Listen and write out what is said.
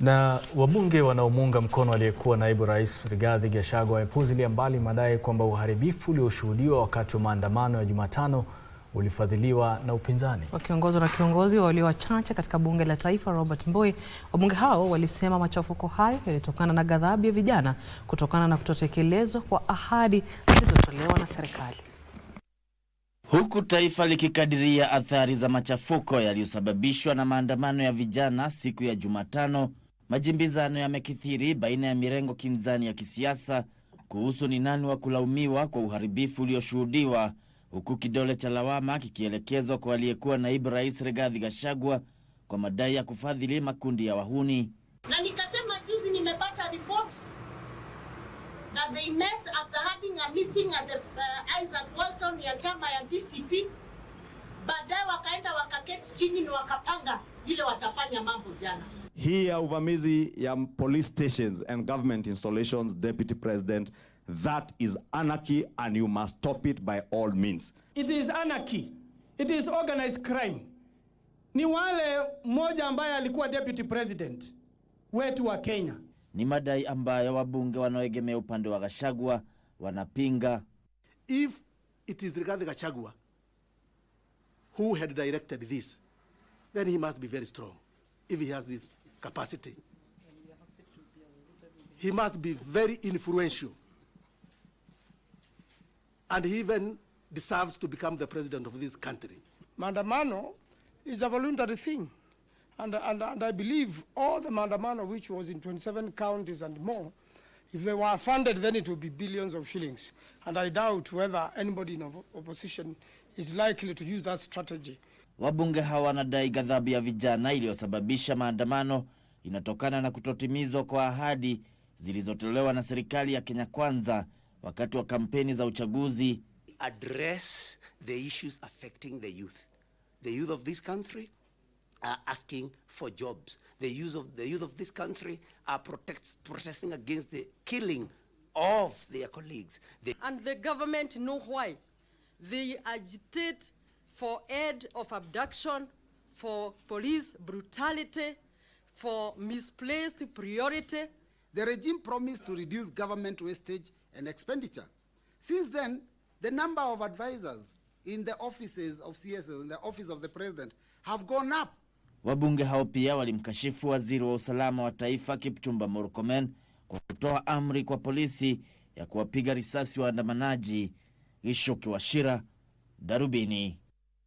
Na wabunge wanaomuunga mkono aliyekuwa naibu rais Rigathi Gachagua wamepuuzilia mbali madai kwamba uharibifu ulioshuhudiwa wakati wa maandamano ya Jumatano ulifadhiliwa na upinzani. Wakiongozwa na kiongozi wa walio wachache katika bunge la taifa Robert Mbui, wabunge hao walisema machafuko hayo yalitokana na ghadhabu ya vijana kutokana na kutotekelezwa kwa ahadi zilizotolewa na serikali, huku taifa likikadiria athari za machafuko yaliyosababishwa na maandamano ya vijana siku ya Jumatano Majimbizano yamekithiri baina ya mirengo kinzani ya kisiasa kuhusu ni nani wa kulaumiwa kwa uharibifu ulioshuhudiwa, huku kidole cha lawama kikielekezwa kwa aliyekuwa naibu rais Rigathi Gachagua kwa madai ya kufadhili makundi ya wahuni. Na nikasema juzi nimepata reports that they met after having a meeting at the uh, Isaac Walton ya chama ya DCP. Baadaye wakaenda wakaketi chini na wakapanga vile watafanya mambo jana hii ya uvamizi ya police stations and government installations, Deputy President, that is anarchy and you must stop it by all means. It is anarchy. It is organized crime. Ni wale mmoja ambaye alikuwa Deputy President wetu wa Kenya. Ni madai ambayo wabunge wanaoegemea upande wa Gachagua wanapinga. If it is regarding Gachagua who had directed this, then he must be very strong if he has this capacity. He must be very influential. And he even deserves to become the president of this country. Mandamano is a voluntary thing. And, and, and I believe all the mandamano, which was in 27 counties and more, if they were funded, then it would be billions of shillings. And I doubt whether anybody in opposition is likely to use that strategy. Wabunge hawa wanadai ghadhabu ya vijana iliyosababisha maandamano inatokana na kutotimizwa kwa ahadi zilizotolewa na serikali ya Kenya Kwanza wakati wa kampeni za uchaguzi. Address the issues affecting the youth. The youth of this country are asking for jobs. The youth of, the youth of this country are protect, protesting against the killing of their colleagues. They... And the government know why. They agitate for aid of abduction, for police brutality, for misplaced priority. The regime promised to reduce government wastage and expenditure. Since then, the number of advisors in the offices of CSs, in the office of the president, have gone up. Wabunge hao pia walimkashifu waziri wa usalama wa taifa Kipchumba Murkomen kwa kutoa amri kwa polisi ya kuwapiga risasi waandamanaji. Gishuki Washira, Darubini.